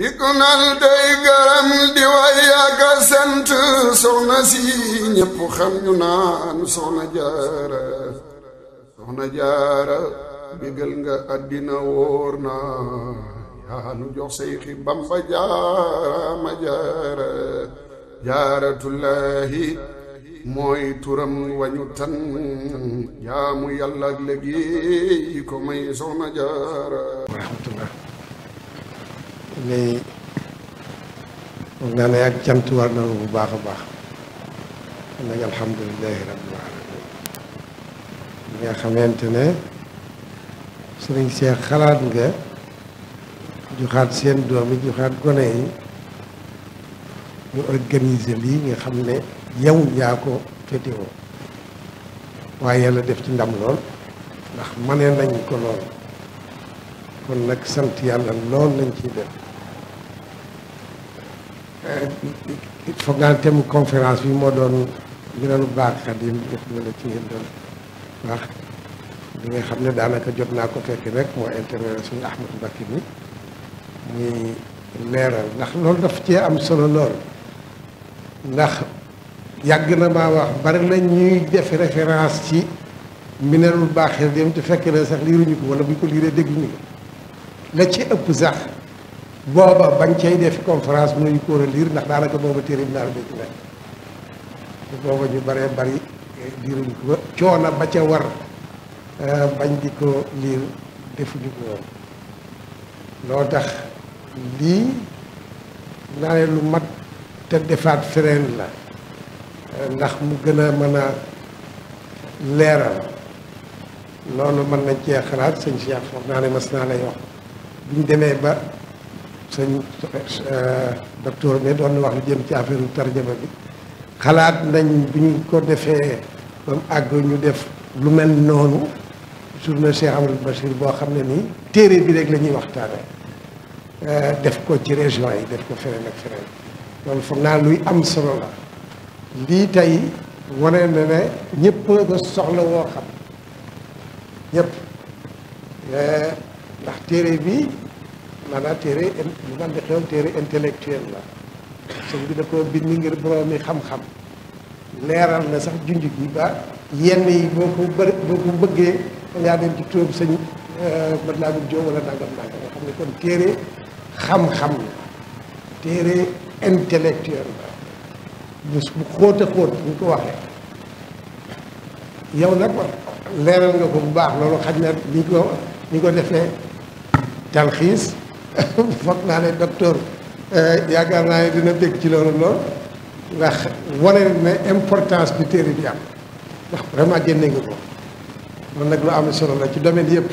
di kunal day garam di way ak a sant soxna si ñépp xam ñu naan soxna jaara soxna jaara bégal nga àddina wóor na yaa nu jox say xi bamba jaara ma jaara jaaratullaahi mooy turam wañu tan jaamu yàlla ak léegi ko may soxna jaara ni moom naa ne ak cant war na bu baax a baax kon nag alhamdulilahi rabbil alamin nga xamante ne sëriñ Seex xalaat nga joxaat seen doom yi joxaat gone yi ñu organiser lii nga xam ne yow yaa ko féetewoo waaye yàlla def ci ndam lool ndax mënee nañ ko lool kon nag sant yàlla lool lañ ci def foog naa ne conférence bi moo doon ñu doon baax xadim yëpp ñu la ci ngeen doon li nga xam ne daanaka jot naa ko fekk nekk moo intervenir suñu Ahmadou Mbacké mi muy leeral ndax loolu daf cee am solo lool ndax yàgg na maa wax bari na ñuy def référence ci Minanul Baaxil dem te fekk na sax liiruñu ko wala bu ñu ko liiree dégguñu ko la ci ëpp sax booba bañ cay def conférence mu ñu ko liir ndax daanaka booba téere bi daal béykat booba ñu baree bari diiruñ eh, ko ba coona ba ca war eh, bañ di ko liir defuñu ko woon loo tax lii naa lu mat te defaat fereen la eh, ndax mu gën a mën a leeral loolu mën nañ cee xalaat sëñ Cheikh foog naa ne mas naa lay wax buñ demee ba. sëñ euh, docteur mi doon wax jëm ci affaire tarjama bi xalaat nañ bu ñu ko defee ba mu àgg ñu def lu mel noonu journée Cheikh Amadou Bachir boo xam ne nii téere bi rek la ñuy waxtaane euh, def ko ci région yi def ko feneen ak feneen loolu luy am solo la lii tey wane na ne ñëpp nga soxla woo xam ñëpp euh, ndax téere bi maanaam téere lu man di xew téere intellectuel la sëñ bi da ko bind ngir boroomi xam-xam leeral na sax junj bi ba yenni yi boo ko bëri bëggee a dem ci tóob sëñ mën naa ko jóg wala nangam nangam nga xam téere xam-xam la téere intellectuel la bés bu xóot a bu ñu ko yow nag leeral nga ko bu baax looloo xaj na ni ko ni ko defee talxiis foog naa ne docteur eh, yaakaar naa ne dina dégg ci loolu lool ndax wane ne importance bi téere bi am ndax vraiment génne nga ko loolu nag lu am solo la ci domaine yëpp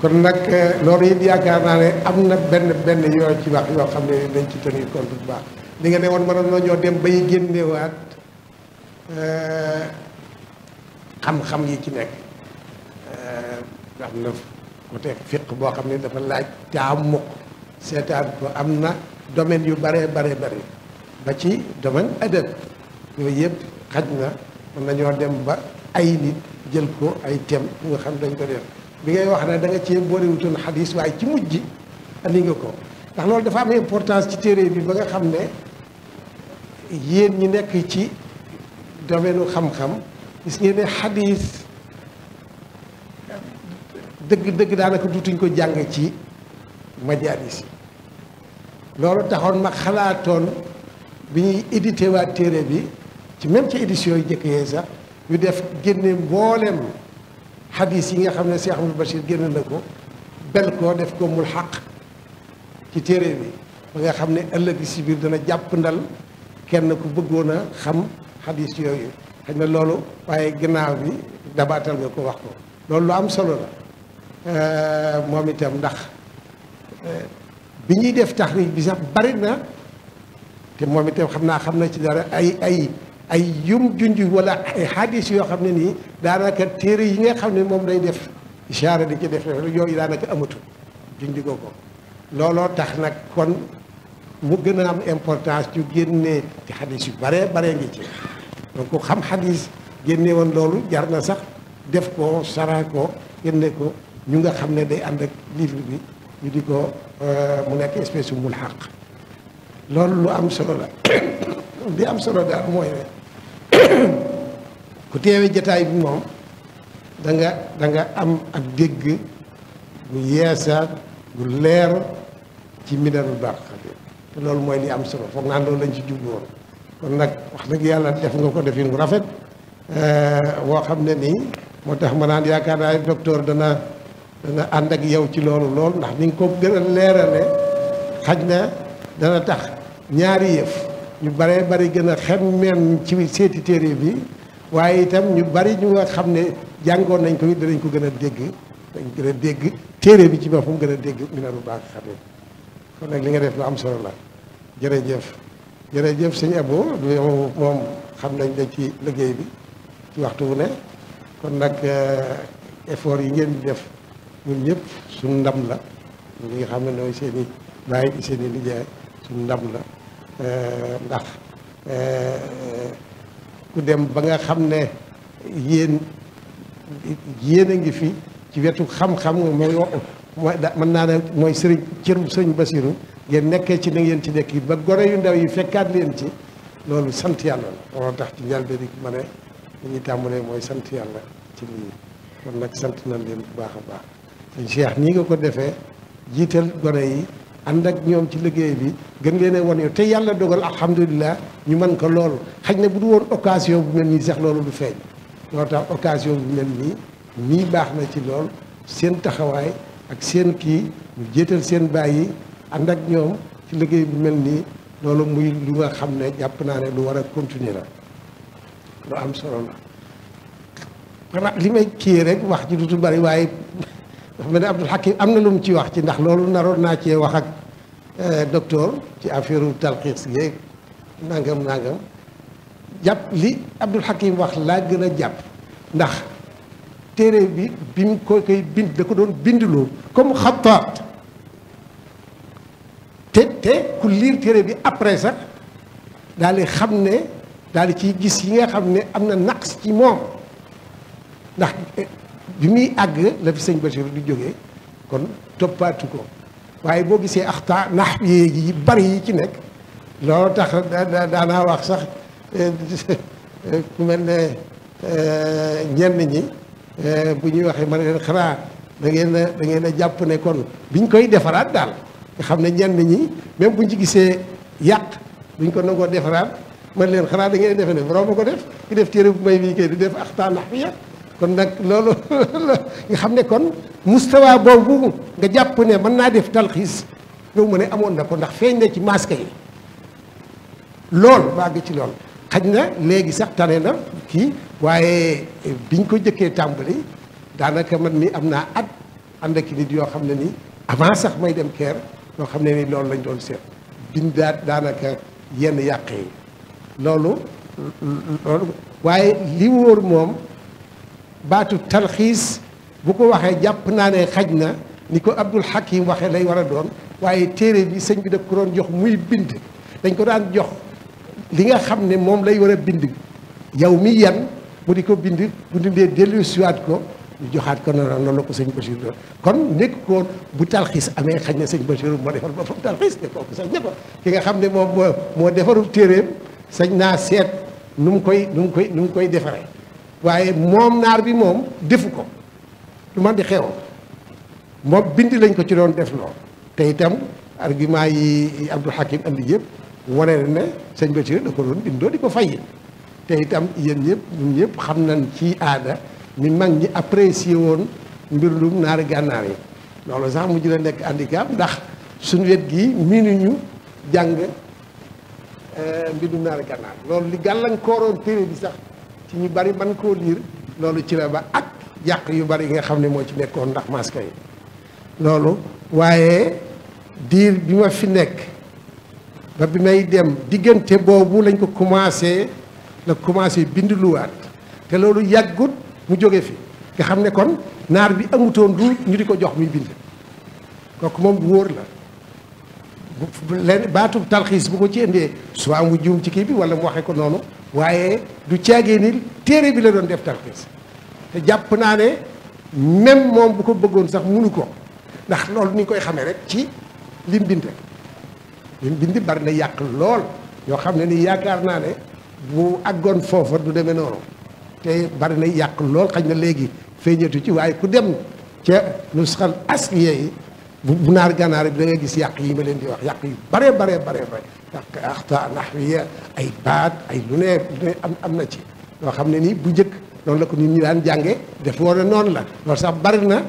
kon nag eh, loolu it yaakaar naa ne am na benn benn yoo ci wax yoo xam ne dañ ci tenir compte bu baax li nga ne woon mënoon na ñoo dem bay génnewaat eh, xam-xam yi ci nekk am na mu teg fiq boo xam ne dafa laaj taamuk seetaan ko am na domaine yu bare bare bare ba ci domaine adab yooyu yëpp xaj na mën nañoo dem ba ay nit jël ko ay thème nga xam dañ ko bi ngay wax ne danga ci cee boolewutoon xadis waaye ci mujj li nga ko ndax loolu dafa am importance ci téere bi ba nga xam ne yéen ñi nekk ci domaine xam-xam gis ngeen ne dëgg dëgg daanaka dutuñ ko jàng ci majalis yi loolu taxoon ma xalaatoon bi ñuy édité waa téere bi ci même ci édition yu jëkk yee sax ñu def génne mbooleem xadis yi nga xam ne Cheikh Abdoul Bachir génn na ko bel koo def ko mu xaq ci téere bi ba nga xam ne ëllëg si biir dana jàpp ndal kenn ku bëggoon a xam xadis yooyu xëy na loolu waaye gannaaw bi dabaatal nga ko wax ko loolu lu am solo la Euh, moom itam ndax euh, bi ñuy def taxriij bi sax bari na te moom itam xam naa xam na ci dara ay ay ay yum junj wala ay xadis yoo xam ne nii daanaka téere yi nga xam ne moom day def ishaara di ci def yooyu daanaka amatul junj ko looloo tax nag kon mu gën a am importance ñu génnee ci xadis yu bare bare ngi ci donc xam xadis génne woon loolu jar na sax def ko sara ko génne ko ñu nga xam ne day ànd ak livre bi ñu di ko euh, mu nekk espèce bu mul xàq loolu lu am solo la li am solo daal mooy jataay moom da nga am ak dégg bu yeesaat leer ci minarul baax te loolu mooy li am solo foog naa loolu lañ ci jublu kon nag wax dëgg yàlla def nga ko defin bu rafet euh, woo xam ne nii moo tax ma naan yaakaar naa docteur dana dana ànd ak yow ci loolu lool ndax ni nga ko gën a leerale xaj na dana tax ñaari yëf ñu baree bari gën a xemmeem ci seeti téere bi waaye itam ñu bari ñu nga xam ne jàngoon nañ ko it danañ ko gën a dégg dañ gën dégg téere bi ci mu gën a dégg Minanul Baaxil kon nag li nga def lu am solo la jërëjëf jërëjëf sëñ Abo moom xam nañ la ci liggéey bi ci waxtu wu ne kon nag euh, effort yi ngeen di def ñun ñëpp suñu ndam la ñi nga xam ne nooy seen i bàyyi di seen i ndam la euh, ndax euh, ku dem ba nga xam ne yéen yéen a ngi fi ci wetu xam-xam mooy mooy mën naa ne mooy sëriñ cëru sëriñ Basiru ngeen nekkee ci na ngeen ci nekk ba gone yu ndaw yi fekkaat leen ci loolu sant yàlla la moo tax ci njëlbéen bi ma ne li tàmbalee mooy sant yàlla ci lii kon nag sant na leen bu baax a Cheikh nii nga ko defe jiital gone yi ànd ak ñoom ci liggéey bi gën leen a wan yow te yàlla dogal alhamdulilah ñu mën ko loolu xaj na bu du woon occasion bu mel nii sax loolu du feeñ moo tax occasion bu mel nii nii baax na ci lool seen taxawaay ak seen kii ñu jéetal seen bàyyi ànd ak ñoom ci liggéey bu mel nii loolu muy lu nga xam ne jàpp naa ne lu war a continuer la lu am solo la li may kii rek wax ji du bari waaye dafa mel ne Abdul Hakim am na lu mu ci wax ci ndax loolu naroon naa cee wax ak euh, docteur ci affaire talxiis yeeg nangam nangam jàpp li Abdul Hakim wax laa gën a jàpp ndax téere bi bi mu ko koy bind da ko doon bindloo comme xattaat te te ku liir téere bi après sax daal di xam ne daal di ciy gis yi nga xam ne am na naqs ci moom ndax euh, bi muy àgg la fi sëñ Bachir di jóge kon toppaatu ko waaye boo gisee axta nax yi bari yi ci nekk loolu tax daanaa wax sax eh, ku mel ne eh, ñenn ñi eh, bu ñuy waxee ma ne leen xanaa da ngeen a da ngeen a jàpp ne kon ñu koy defaraat daal nga xam ne ñenn ñi même buñ ci gisee yàq ñu ko nangoo defaraat ma ne leen xanaa da ngeen defe ne borom ko def ki def téere bu may bii kay di def axta nax bi yàq kon nag loolu nga xam ne kon mustawa boobu nga jàpp ne mën naa def talxiis yow ma ne amoon na ko ndax feeñ na ci masque yi lool bàgg ci lool xaj na léegi sax tane na kii waaye biñ ko jëkkee tàmbali daanaka man mi am naa at ànd ak nit yoo xam ne ni avant sax may dem keer yoo xam ne ni loolu lañ doon seet biñ daat daanaka yenn yàq yi loolu loolu waaye li wóor moom baatu talxiis bu ko waxee jàpp naa ne xaj na ni ko Abdul Hakim waxee lay war a doon waaye téere bi sëñ bi da ko doon jox muy bind dañ ko daan jox li nga xam ne moom lay wara a bind yow mi yan mu di ko bind bu dindee dellu siwaat ko ñu joxaat ko noonu loolu ko sëñ Bachir doon kon nekk ko bu talxiis amee xaj na sëñ Bachir moo boppam talxiis ne kooku sax ne ki nga xam ne moom moo moo defarul téereem sañ naa seet nu mu koy nu koy nu mu koy defaree waaye moom naar bi moom defu ko lu man di xew moom bind lañ ko ci doon def loo te itam argument yi Abdou Hakim andi yëpp wane ne sëñ Bachir da ko doon bindoo di ko fay te itam yéen ñëpp ñun ñëpp xam na ci aada ni mag ñi apprécié woon mbir lum naar gànnaar yi loolu sax mujj la nekk handicap ndax suñu wet gi ñu jàng euh, mbindum naari gànnaar loolu li gàllankooroon téere bi sax ci ñu bari man koo liir loolu ci la ba ak yàq yu bari yi nga xam ne moo ci nekkoon ndax maska yi loolu waaye diir bi ma fi nekk ba bi may dem diggante boobu lañ ko commencé la commencé bind luwaat te loolu yàggut mu jóge fi nga xam ne kon naar bi amutoon du ñu di ko jox muy bind kooku moom wóor la leen baatub talxiis bu ko ci indee soit mu juum ci kii bi wala mu waxe ko noonu waaye du caagee ni téere bi la doon def tarxiis te jàpp naa ne même moom bu ko bëggoon sax munu ko ndax loolu ni koy xamee rek ci lim bind lim bind bari na yàq lool yoo xam ne ni yaakaar naa ne bu àggoon foofa du demee noonu te bari na yàq lool xañ na léegi feeñatu ci waaye ku dem ca nusxal asliyee yi bu naar gànnaar bi da ngay gis yàq yi ma leen di wax yàq yu bare bare bare bare yàq axta naxwiya ay baat ay lu ne lu ne am am na ci loo xam ne nii bu njëkk noonu la ko nit ñi daan jànge def war a noonu la loolu sax bari na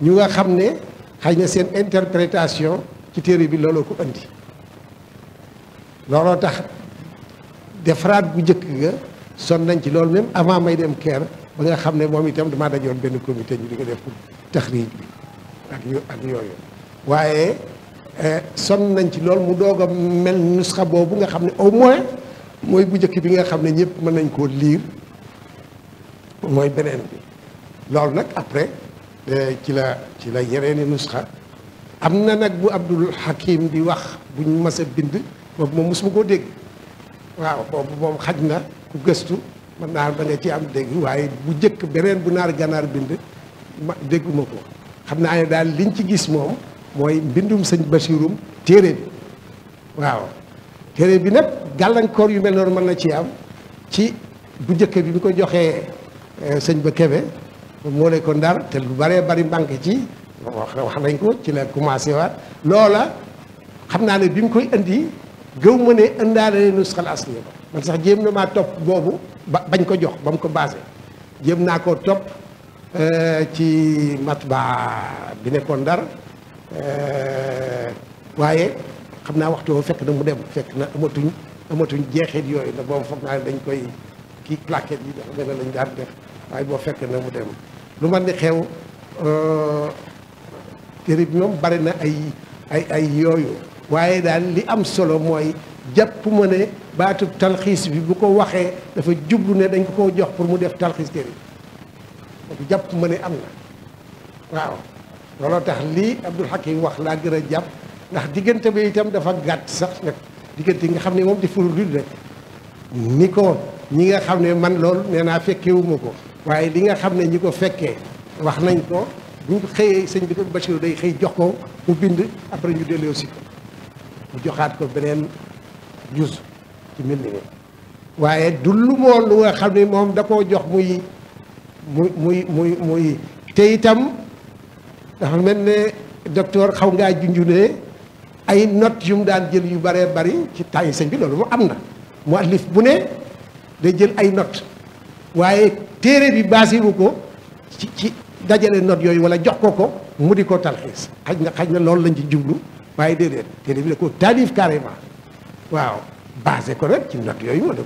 ñu nga xam ne xëy na seen interprétation ci téere bi looloo ko andi looloo tax defaraat bu njëkk ga son nañ ci lool même avant may dem keer ba nga xam ne moom itam damaa dajoon benn comité ñu di ko def pour taxriij bi ak yooyu waaye eh, sonn nañ ci lool mu doog a mel nusxa boobu nga xam ne au moins mooy bu njëkk bi nga xam ne ñëpp mën nañ koo liir mooy beneen bi loolu nag après eh, ci la ci la yeneeni nusxa am na nag bu Abdul Hakim di wax buñ mase bind boobu moom mosuma koo dégg waaw boobu moom xaj na ku gëstu mën naa ba nga ci am dégg waaye bu njëkk beneen bu naar ganaar bind dégguma ko xam naa ne daal liñ ci gis moom mooy mbindum sëñ Bachirum téere bi waaw téere bi nag gàllankoor yu mel noonu mën na ci am ci bu njëkk bi bi ko joxee euh, sëñ ba Kebe moo ne ko ndar te lu baree bari manqué ci wax wax nañ ko ci la commencé waat loola xam naa ne bi mu koy indi gëw ma ne indaale nusxal asli ba man sax jéem na maa topp boobu ba bañ ko jox ba mu ko basé jéem naa koo topp Euh, ci matbaa bi nekkoon Ndar euh, waaye xam naa waxtu woo fekk na mu dem fekk na amatuñ amatuñ jeexit yooyu na boobu foog naa dañ koy kii plaquette yi dafa mel ne lañ daan def waaye boo fekk na mu dem lu man ni xew euh, téere bi moom bari na ay ay ay yooyu waaye daal li am solo mooy jàpp ma ne baatub talxiis bi bu ko waxee dafa jublu ne dañ ko jox pour mu def talxiis téere jàpp ma ne am na waaw looloo tax lii Abdul Hakim wax laa gën a jàpp ndax diggante bi itam dafa gàtt sax nag diggante yi nga xam ne moom deful dul rek ni ko ñi nga xam ne man lool nee naa fekkewuma ko waaye li nga xam ne ñi ko fekkee wax nañ ko bu xëyee sëñ bi Bachir day xëy jox ko mu bind après ñu delloo si ko mu joxaat ko beneen jus ci mel ni waaye du lu lu nga xam ne moom da koo jox muy muy muy muy muy te itam dafa mel ne docteur xaw ngaa junjunee ay notes yu mu daan jël yu bëree bari ci taayu sëñ bi loolu mu am na mu alif bu ne day jël ay notes waaye téere yi basé wu ko ci ci dajale not yooyu wala jox ko ko mu di ko talxiis xaj na xaj na loolu lañ ci jublu waaye déedéet téere bi da ko taalif carrément waaw basé ko rek ci notes yooyu wala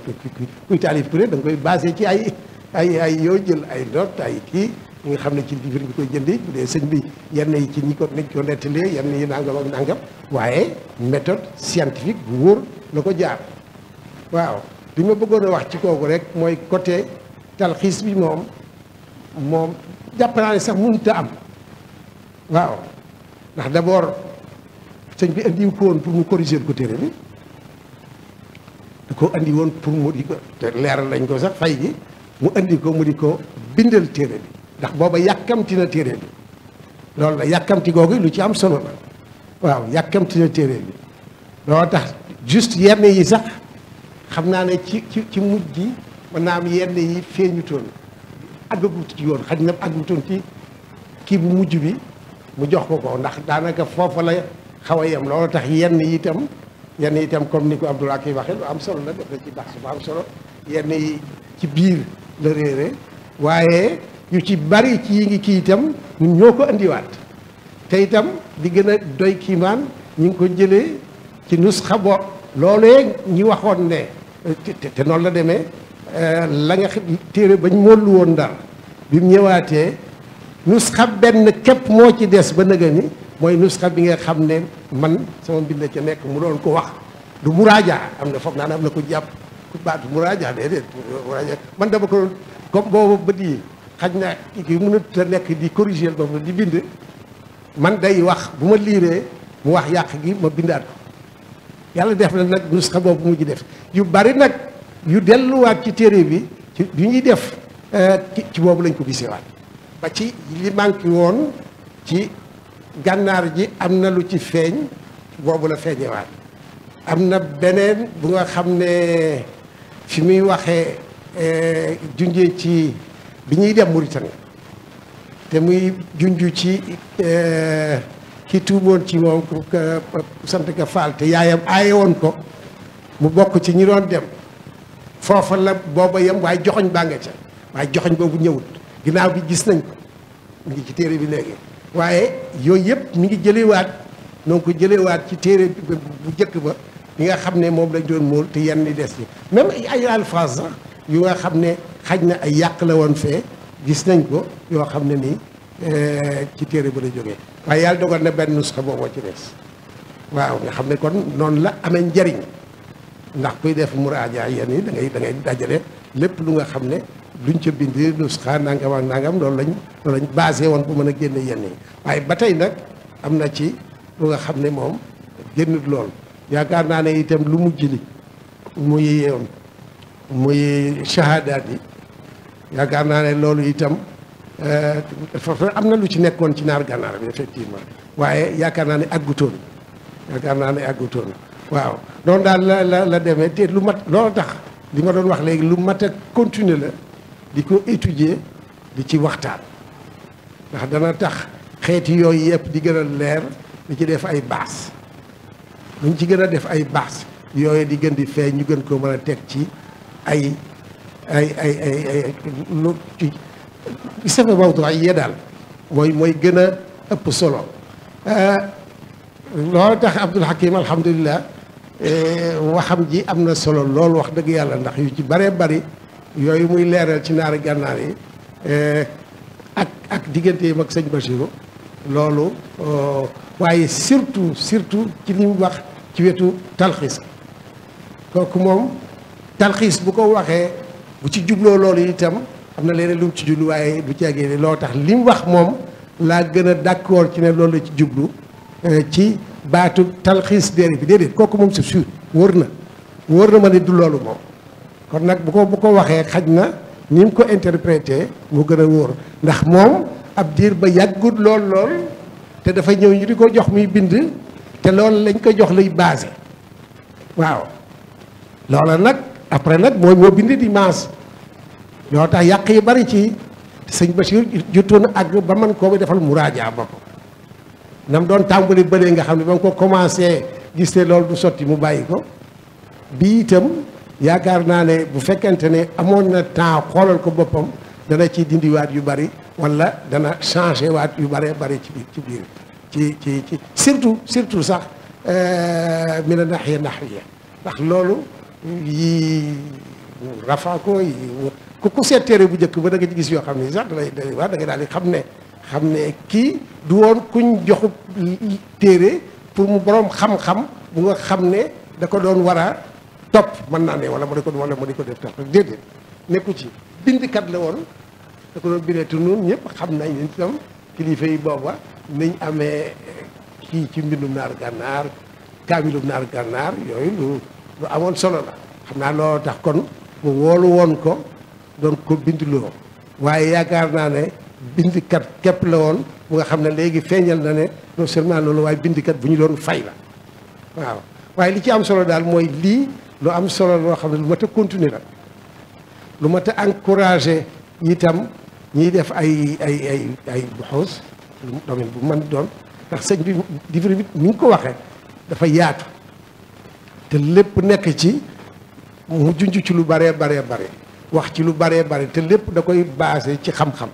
kuy taalif ku ne da koy basé ci ay. ay ay yoo jël ay note ay kii nga xam ne ci livre bi koy jëndi bu dee sëñ bi yenn yi ci ñi ko nañ ko nettalee yenn yi nangam ak nangam waaye méthode scientifique bu wóor la ko jaar waaw li ma bëggoon a wax ci kooku rek mooy côté talxiis bi moom moom jàpp naa ne sax mënut am waaw ndax d'abord sëñ bi andi ko woon pour mu corriger ko téere bi da ko andi woon pour mu di leeral lañ ko sax fay gi mu indi ko mu di ko bindal téere bi ndax booba yàkkamti na téere bi loolu la yàkkamti googu lu ci am solo la waaw yàkkamti na téere bi loolu tax juste yenn yi sax xam naa ne ci ci ci mujj gi mën yenn yi feeñutoon àggagut ci yoon xaj na àggutoon ci kii bu mujj bi mu jox ko ko ndax daanaka foofa la xaw a yem loolu tax yenn yitam yenn yi comme ni ko Abdoulaye kiy waxee lu am solo la def na ci baax bu am solo yenn yi ci biir la réere waaye yu ci bari ci yi ngi kii itam ñun ñoo ko indiwaat te itam di gën a doy kiimaan ñu ngi ko jëlee ci nus bo loolee ñi waxoon ne te noonu la demee euh, la nga téere ba ñu mollu woon ndar bi mu ñëwaatee nusxa benn képp moo ci des ba nëga ni mooy nusxa bi nga xam ne man sama mbind ca nekk mu doon ko wax du muraaja am na foog naa ne am na ko jàpp baatu muraaja déedéet muraaja man dama ko comme boobu bët yi xaj na kii mënut nekk di corriger boppam di bind man day wax bu ma liiree wax yàq gi ma def na nag nusxa boobu mujj def yu bari nag yu delluwaat ci téere bi ci yu ñuy def euh, ci boobu lañ ko gisewaat ba ci li manqué woon ci gànnaar ji am na lu ci feeñ boobu la feeñewaat am na beneen bu nga xam ne fi muy waxe eh, junjee ci bi ñuy dem Mauritanie te muy junju ci eh, ki tuuboon ci moom sant ga faal te yaayam aaye woon ko mu bokk ci ñu doon dem foofa la booba yem waaye joxoñ baa nga ca waaye joxoñ boobu ñëwut ginnaaw bi gis nañ ko mu ngi ci téere bi léegi waaye yooyu yëpp mu ngi jëlewaat donc jëlewaat ci téere bu njëkk ba li nga xam ne moom lañ doon móol te yenn yi des yi même ay alphaas sax yu nga xam ne xaj na ay yàq la woon fee gis nañ ko yoo xam ne nii eh, ci téere ba la jógee waaye yàlla dogal na benn nusxa booboo ci des waaw nga xam ne kon noonu la amee njariñ ndax kuy def mu muraaja yenn yi da ngay da ngay dajale lépp lu nga xam ne luñ ca bind nusxa nangam ak nangam loolu lañ loolu lañ basé woon bu mën a génne yenn yi waaye ba tey nag am na ci lu nga xam ne moom génn lool yaakaar naa ne itam lu mujj li muy muy shahadaat yaakaar naa ne loolu itam eh, am na lu ci nekkoon ci naar gànnaar bi effectivement waaye yaakaar naa ne àggutoon yaakaar naa ne àggutoon waaw doon daal la la demee te lu mat loolu tax li ma doon wax léegi lu mat a continuer la di ko étudier di ci waxtaan ndax dana tax xeeti yooyu yëpp di gën a leer di ci def ay baas luñ ci gën a def ay baax yooyu di gën di feeñ ñu gën koo mën a teg ci ay ay ay ay lu ci safe mawdu ay yee daal mooy mooy gën a ëpp solo eh, loolu tax Abdul Hakim alhamdulilah eh, waxam ji am na solo lool wax dëgg yàlla ndax yu ci bare bari yooyu muy leeral ci naari gànnaar yi eh, ak ak diggante yi mag sëñ Bachirou loolu euh, waaye surtout surtout ci li mu wax ci wetu talxiis kooku moom talxiis bu ko waxee bu ci jubloo loolu itam am na leneen lu mu ci jublu waaye du jagee ni loo tax li mu wax moom laa gën a d'accord ci ne loolu la ci jublu euh, ci baatu talxiis déere bi déedéet kooku moom c'est wër na wër na ma ne du loolu moom kon nag bu ko bu ko waxee xaj na ni ko interprété mu gën a wóor ndax moom ab diir ba yàggut lool lool te dafa ñëw ñu di ko jox muy bind te lool lañ ko jox lay basé waaw loola nag après nag mooy moo bind di maas ñoo tax yàq yi bari ci sëñ Bachir jotoon àgg ba man koo defal muraaja bopp nam doon tàmbali bële nga xam ne ba mu ko commencé gis ne loolu du sotti mu bàyyi ko bii itam yaakaar naa ne bu fekkente ne amoon na temps xoolal ko boppam dana ci dindiwaat yu bari wala dana changé waat yu bari bari ci biir ci biir ci ci ci surtout surtout sax euh, mina naxiya naxwiya ndax loolu yi rafa ko yi ku ku seet téere bu njëkk ba da nga gis yoo xam ne sax dalay waa da nga daal xam ne xam ne kii du woon kuñ joxu téere pour mu borom xam-xam bu nga xam ne da ko doon war a topp mën naa ne wala mu di ko wala mu di ko def tax déedéet nekku ci bindkat la woon da ko doon bindee noonu ñëpp xam nañ ne tam kilifa yi booba niñ amee kii ci mbindum naar gànnaar kaamilum naar gànnaar yooyu lu lu amoon solo la xam naa loolu tax kon woolu woon ko doon ko bindiloo waaye yaakaar naa ne bindkat képp la woon bu nga xam ne léegi feeñal na ne non seulement loolu waaye bindkat bu ñu doon fay la waaw waaye li ci am solo daal mooy lii lu am solo loo xam ne lu mat a continuer la lu mat a encouragé itam ñiy def ay ay ay ay buxuus lu domaine bu mën doon ndax sëñ bi livre bi ni nga ko waxee dafa yaatu te lépp nekk ci mu junj ci lu baree baree bare wax ci lu baree bare te lépp da koy basé ci xam-xam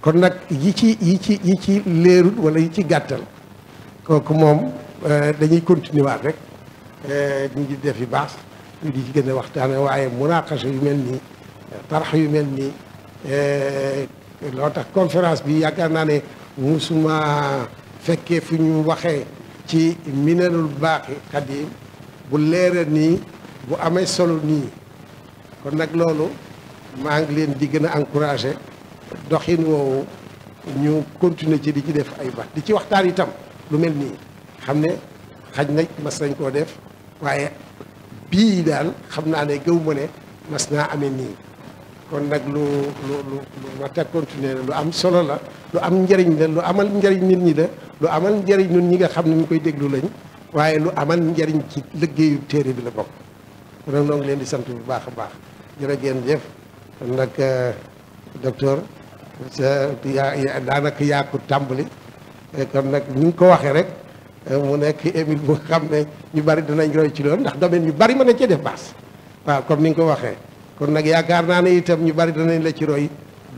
kon nag yi ci yi ci yi ci leerul wala yi ci gàttal kooku moom euh, dañuy continuer waat rek euh, ñu ngi def yu baax ñu di ci gën a waxtaane waaye munaqasha yu mel nii tarx yu mel nii eh, loo tax conférence bi yaakaar naa ne musuma fekkee fu ñu waxee ci minanul baaxi xadim bu leera nii bu amee solo nii kon nag loolu maa ngi leen di gën a encouragé doxin woowu ñu continuer ci di ci def ay baat di ci waxtaan itam lu mel nii xam ne xaj na mas nañ koo def waaye bii daal xam naa ne gëw ma ne mas naa amee nii kon nag lu lu lu lu mat a continuer la lu am solo la lu am njëriñ la lu amal njëriñ nit ñi la lu amal njëriñ ñun ñi nga xam ne ñu koy déglu lañ waaye lu amal njariñ ci liggéeyu téere bi la bokk kon nag noo ngi leen di sant bu baax a baax jërë ngeen jëf kon nag euh, docteur daanaka yaa ko tàmbali kon nag ni nga ko waxee rek Euh, mu nekk émile bu xam ne ñu bari dinañ roy ci lool ndax domaine yu bari ma nañ cee def baas waaw comme ni nga ko waxee kon nag yaakaar naa ne itam ñu bari danañ la ci roy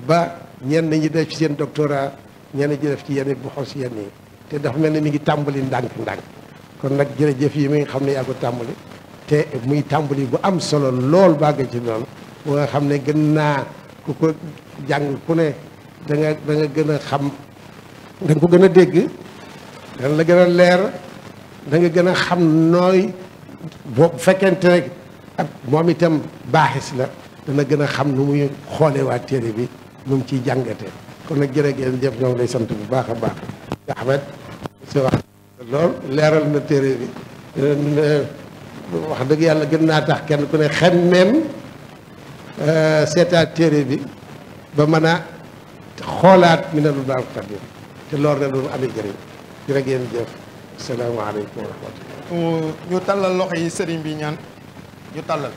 ba ñenn ñi def ci seen doctorat ñenn ñi def ci yenn bu xos yenn yi te dafa mel ne mi ngi tàmbali ndànk-ndànk kon nag jërëjëf yi mi ngi xam ne yaa ko tàmbali te muy tàmbali bu am solo lool bàgg ci loolu bu nga xam ne gën naa ku ko jàng ku ne danga nga gën a xam da ko gën a dégg dana la gën a leer da nga gën a xam nooy boo fekkente rek moom itam baaxis la dana gën a xam nu muy xoolee waa téere bi nu mu ciy jàngatee kon nag jërë ngeen jëf ñoo ngi lay sant bu baax a baax Ahmed si wax lool leeral na téere bi eh, wax dëgg yàlla gën naa tax kenn ku ne xemmeem eh, seetaat téere bi ba mën a xoolaat mi ne lu daal xadim te loolu rek doon amee jëriñ jërë ngeen jëf salaamaaleykum wa rahmatullah ñu tàllal loxo yi sëriñ bi ñaan ñu tàllal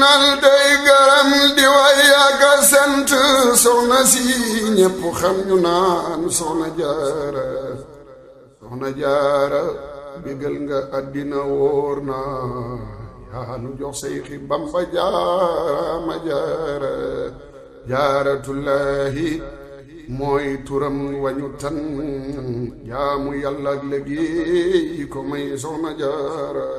nal day garam di way ak sant soxna si ñépp xam ñu naan soxna jaara soxna jaara bégal nga àddina wóor na yaa nu jox Seyxi Bamba jaarama jaara jaaratullaahi mooy turam wañu tan jaamu yàlla ak léegi ko may soxna jaara